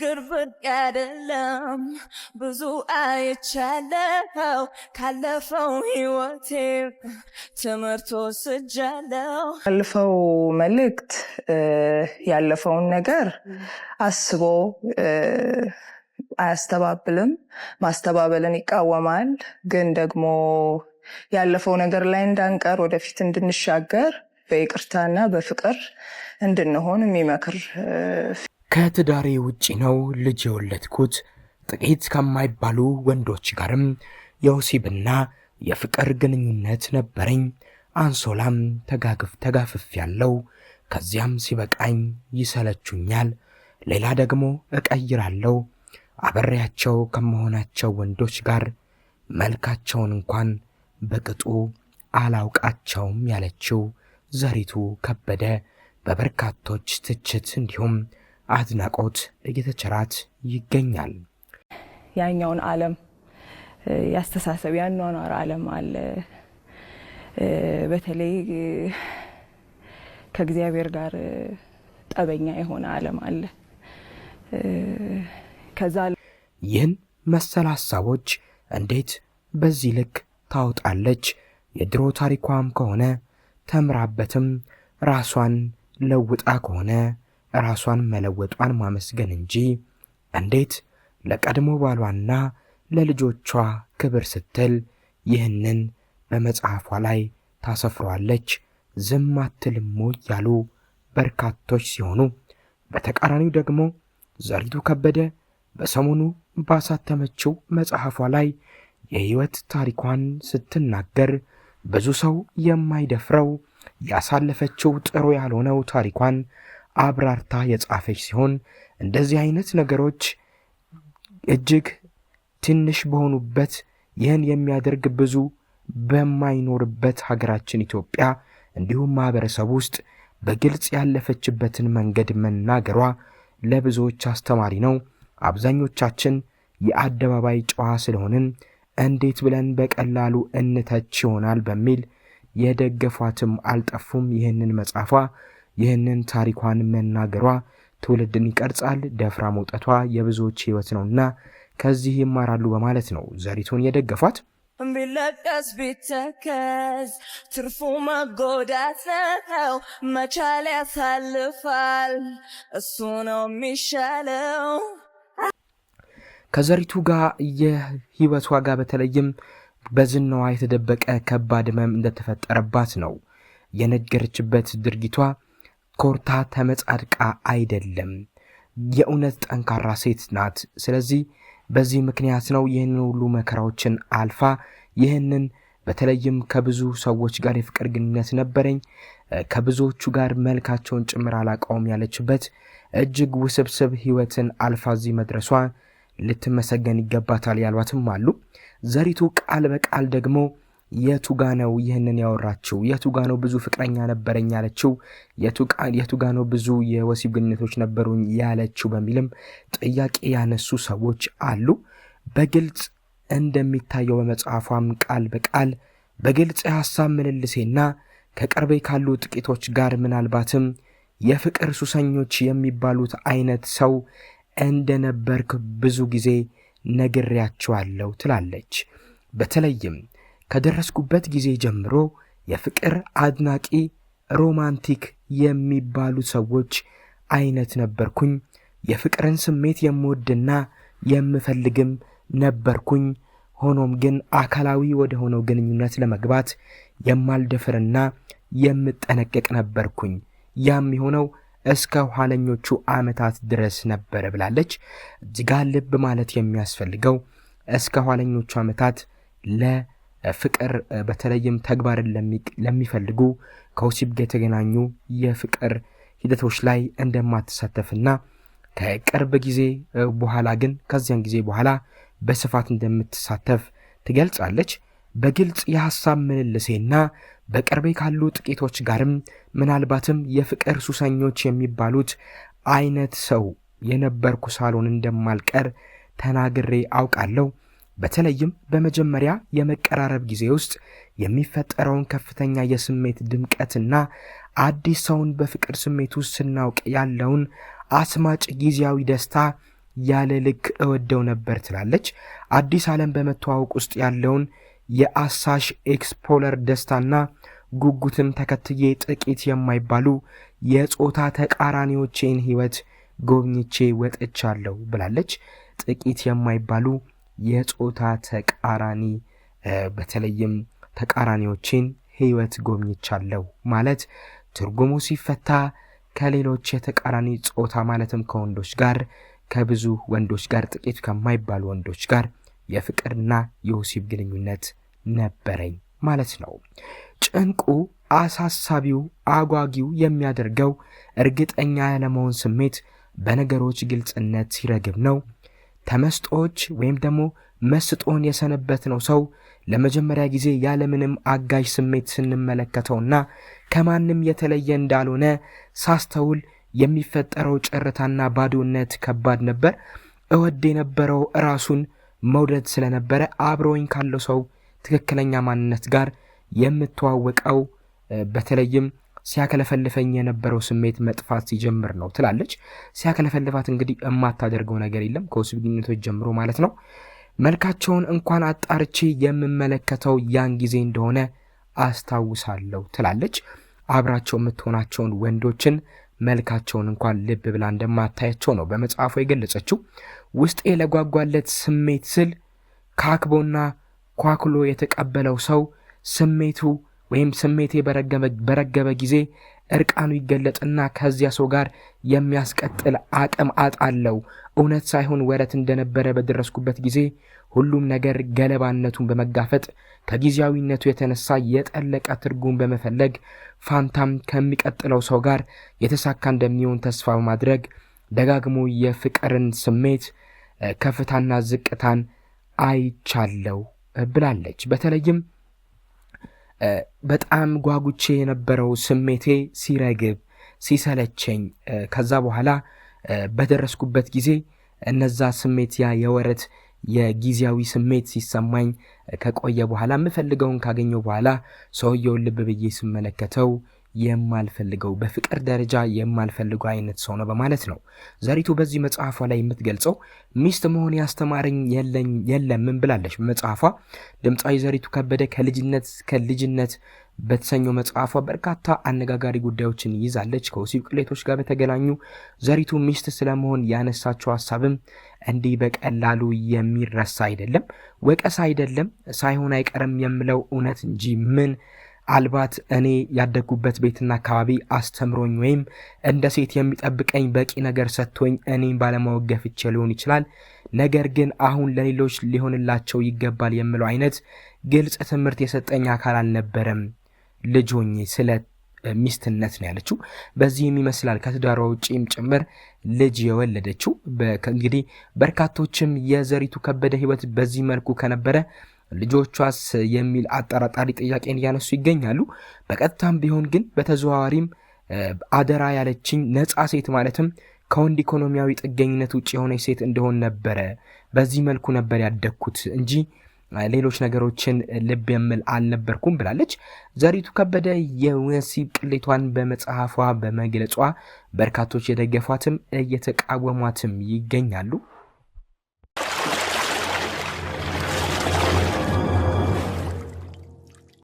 ግን ብቅ አይደለም ብዙ አይቻለው ካለፈው ህይወቴ ትምህርት ወስጃለው። ካለፈው መልእክት ያለፈውን ነገር አስቦ አያስተባብልም። ማስተባበልን ይቃወማል። ግን ደግሞ ያለፈው ነገር ላይ እንዳንቀር ወደፊት እንድንሻገር በይቅርታና በፍቅር እንድንሆን የሚመክር ከትዳሬ ውጪ ነው ልጅ የወለድኩት። ጥቂት ከማይባሉ ወንዶች ጋርም የወሲብና የፍቅር ግንኙነት ነበረኝ። አንሶላም ተጋግፍ ተጋፍፍ ያለው ከዚያም ሲበቃኝ ይሰለቹኛል፣ ሌላ ደግሞ እቀይራለሁ። አበሬያቸው ከመሆናቸው ወንዶች ጋር መልካቸውን እንኳን በቅጡ አላውቃቸውም ያለችው ዘሪቱ ከበደ በበርካቶች ትችት እንዲሁም አድናቆት እየተቸራት ይገኛል። ያኛውን ዓለም ያስተሳሰብ ያኗኗር ዓለም አለ። በተለይ ከእግዚአብሔር ጋር ጠበኛ የሆነ ዓለም አለ። ከዛ ይህን መሰል ሀሳቦች እንዴት በዚህ ልክ ታወጣለች? የድሮ ታሪኳም ከሆነ ተምራበትም ራሷን ለውጣ ከሆነ ራሷን መለወጧን ማመስገን እንጂ እንዴት ለቀድሞ ባሏና ለልጆቿ ክብር ስትል ይህንን በመጽሐፏ ላይ ታሰፍሯለች ዝም አትልሞ ያሉ በርካቶች ሲሆኑ በተቃራኒው ደግሞ ዘሪቱ ከበደ በሰሞኑ ባሳተመችው መጽሐፏ ላይ የሕይወት ታሪኳን ስትናገር ብዙ ሰው የማይደፍረው ያሳለፈችው ጥሩ ያልሆነው ታሪኳን አብራርታ የጻፈች ሲሆን እንደዚህ አይነት ነገሮች እጅግ ትንሽ በሆኑበት ይህን የሚያደርግ ብዙ በማይኖርበት ሀገራችን ኢትዮጵያ እንዲሁም ማህበረሰብ ውስጥ በግልጽ ያለፈችበትን መንገድ መናገሯ ለብዙዎች አስተማሪ ነው። አብዛኞቻችን የአደባባይ ጨዋ ስለሆንን እንዴት ብለን በቀላሉ እንተች ይሆናል በሚል የደገፏትም አልጠፉም። ይህንን መጻፏ ይህንን ታሪኳን መናገሯ ትውልድን ይቀርጻል፣ ደፍራ መውጠቷ የብዙዎች ነው ነውና ከዚህ ይማራሉ በማለት ነው ዘሪቱን የደገፏት። ቢለቀስ ቢተከዝ ትርፉ መጎዳት ነው። መቻል ያሳልፋል፣ እሱ ነው የሚሻለው። ከዘሪቱ ጋር የህይወቷ ጋር በተለይም በዝናዋ የተደበቀ ከባድ ህመም እንደተፈጠረባት ነው የነገረችበት ድርጊቷ ኮርታ ተመጻድቃ አይደለም። የእውነት ጠንካራ ሴት ናት። ስለዚህ በዚህ ምክንያት ነው ይህንን ሁሉ መከራዎችን አልፋ ይህንን በተለይም ከብዙ ሰዎች ጋር የፍቅር ግንኙነት ነበረኝ፣ ከብዙዎቹ ጋር መልካቸውን ጭምር አላቃውም ያለችበት እጅግ ውስብስብ ህይወትን አልፋ እዚህ መድረሷ ልትመሰገን ይገባታል ያሏትም አሉ። ዘሪቱ ቃል በቃል ደግሞ የቱጋ ነው ይህንን ያወራችው? የቱጋ ነው ብዙ ፍቅረኛ ነበረኝ ያለችው? የቱጋ ነው ብዙ የወሲብ ግንኙነቶች ነበሩኝ ያለችው? በሚልም ጥያቄ ያነሱ ሰዎች አሉ። በግልጽ እንደሚታየው በመጽሐፏም ቃል በቃል በግልጽ የሐሳብ ምልልሴና ከቅርቤ ካሉ ጥቂቶች ጋር ምናልባትም የፍቅር ሱሰኞች የሚባሉት አይነት ሰው እንደነበርክ ብዙ ጊዜ ነግሬያቸዋለሁ ትላለች። በተለይም ከደረስኩበት ጊዜ ጀምሮ የፍቅር አድናቂ ሮማንቲክ የሚባሉ ሰዎች አይነት ነበርኩኝ። የፍቅርን ስሜት የምወድና የምፈልግም ነበርኩኝ። ሆኖም ግን አካላዊ ወደ ሆነው ግንኙነት ለመግባት የማልደፍርና የምጠነቀቅ ነበርኩኝ። ያም የሆነው እስከ ኋለኞቹ ዓመታት ድረስ ነበረ ብላለች። እጅጋ ልብ ማለት የሚያስፈልገው እስከ ኋለኞቹ ዓመታት ለ ፍቅር በተለይም ተግባርን ለሚፈልጉ ከወሲብ ጋር የተገናኙ የፍቅር ሂደቶች ላይ እንደማትሳተፍና ከቅርብ ጊዜ በኋላ ግን ከዚያን ጊዜ በኋላ በስፋት እንደምትሳተፍ ትገልጻለች። በግልጽ የሐሳብ ምልልሴና በቅርቤ ካሉ ጥቂቶች ጋርም ምናልባትም የፍቅር ሱሰኞች የሚባሉት አይነት ሰው የነበርኩ ሳሎን እንደማልቀር ተናግሬ አውቃለሁ። በተለይም በመጀመሪያ የመቀራረብ ጊዜ ውስጥ የሚፈጠረውን ከፍተኛ የስሜት ድምቀትና አዲስ ሰውን በፍቅር ስሜት ውስጥ ስናውቅ ያለውን አስማጭ ጊዜያዊ ደስታ ያለ ልክ እወደው ነበር ትላለች። አዲስ ዓለም በመተዋወቅ ውስጥ ያለውን የአሳሽ ኤክስፖለር ደስታና ጉጉትም ተከትዬ ጥቂት የማይባሉ የጾታ ተቃራኒዎቼን ሕይወት ጎብኝቼ ወጥቻለሁ ብላለች። ጥቂት የማይባሉ የጾታ ተቃራኒ በተለይም ተቃራኒዎችን ህይወት ጎብኝቻለሁ ማለት ትርጉሙ ሲፈታ ከሌሎች የተቃራኒ ጾታ ማለትም ከወንዶች ጋር ከብዙ ወንዶች ጋር ጥቂት ከማይባሉ ወንዶች ጋር የፍቅርና የወሲብ ግንኙነት ነበረኝ ማለት ነው። ጭንቁ፣ አሳሳቢው፣ አጓጊው የሚያደርገው እርግጠኛ ያለመሆን ስሜት በነገሮች ግልጽነት ሲረግብ ነው። ተመስጦዎች ወይም ደግሞ መስጦን የሰነበት ነው ሰው ለመጀመሪያ ጊዜ ያለምንም አጋዥ ስሜት ስንመለከተውና ከማንም የተለየ እንዳልሆነ ሳስተውል የሚፈጠረው ጭርታና ባዶነት ከባድ ነበር። እወድ የነበረው ራሱን መውደድ ስለነበረ አብሮኝ ካለው ሰው ትክክለኛ ማንነት ጋር የምተዋወቀው በተለይም ሲያከለፈልፈኝ የነበረው ስሜት መጥፋት ሲጀምር ነው ትላለች። ሲያከለፈልፋት እንግዲህ የማታደርገው ነገር የለም ከወሲብ ግንኙነቶች ጀምሮ ማለት ነው። መልካቸውን እንኳን አጣርቼ የምመለከተው ያን ጊዜ እንደሆነ አስታውሳለሁ ትላለች። አብራቸው የምትሆናቸውን ወንዶችን መልካቸውን እንኳን ልብ ብላ እንደማታያቸው ነው በመጽሐፉ የገለጸችው። ውስጤ ለጓጓለት ስሜት ስል ካክቦና ኳክሎ የተቀበለው ሰው ስሜቱ ወይም ስሜቴ በረገበ ጊዜ እርቃኑ ይገለጥና ከዚያ ሰው ጋር የሚያስቀጥል አቅም አጣለው። እውነት ሳይሆን ወረት እንደነበረ በደረስኩበት ጊዜ ሁሉም ነገር ገለባነቱን በመጋፈጥ ከጊዜያዊነቱ የተነሳ የጠለቀ ትርጉም በመፈለግ ፋንታም ከሚቀጥለው ሰው ጋር የተሳካ እንደሚሆን ተስፋ በማድረግ ደጋግሞ የፍቅርን ስሜት ከፍታና ዝቅታን አይቻለው ብላለች። በተለይም በጣም ጓጉቼ የነበረው ስሜቴ ሲረግብ ሲሰለቸኝ ከዛ በኋላ በደረስኩበት ጊዜ እነዛ ስሜት ያ የወረት የጊዜያዊ ስሜት ሲሰማኝ ከቆየ በኋላ የምፈልገውን ካገኘው በኋላ ሰውየውን ልብ ብዬ ስመለከተው የማልፈልገው በፍቅር ደረጃ የማልፈልገው አይነት ሰው ነው በማለት ነው ዘሪቱ በዚህ መጽሐፏ ላይ የምትገልጸው። ሚስት መሆን ያስተማረኝ የለምን ብላለች መጽሐፏ ድምፃዊ ዘሪቱ ከበደ ከልጅነት ከልጅነት በተሰኘው መጽሐፏ በርካታ አነጋጋሪ ጉዳዮችን ይዛለች። ከወሲብ ቅሌቶች ጋር በተገናኙ ዘሪቱ ሚስት ስለመሆን ያነሳቸው ሀሳብም እንዲህ በቀላሉ የሚረሳ አይደለም። ወቀሳ አይደለም ሳይሆን አይቀርም የምለው እውነት እንጂ ምን አልባት እኔ ያደጉበት ቤትና አካባቢ አስተምሮኝ ወይም እንደ ሴት የሚጠብቀኝ በቂ ነገር ሰጥቶኝ እኔም ባለማወቅ ሊሆን ይችላል። ነገር ግን አሁን ለሌሎች ሊሆንላቸው ይገባል የምለው አይነት ግልጽ ትምህርት የሰጠኝ አካል አልነበረም። ልጅ ሆኜ ስለ ሚስትነት ነው ያለችው። በዚህም ይመስላል ከትዳሯ ውጪም ጭምር ልጅ የወለደችው። እንግዲህ በርካቶችም የዘሪቱ ከበደ ህይወት በዚህ መልኩ ከነበረ ልጆቿስ የሚል አጠራጣሪ ጥያቄን እያነሱ ይገኛሉ። በቀጥታም ቢሆን ግን በተዘዋዋሪም አደራ ያለችኝ ነፃ ሴት ማለትም ከወንድ ኢኮኖሚያዊ ጥገኝነት ውጭ የሆነች ሴት እንደሆን ነበረ። በዚህ መልኩ ነበር ያደግኩት እንጂ ሌሎች ነገሮችን ልብ የምል አልነበርኩም ብላለች። ዘሪቱ ከበደ የወሲብ ቅሌቷን በመጽሐፏ በመግለጿ በርካቶች የደገፏትም እየተቃወሟትም ይገኛሉ።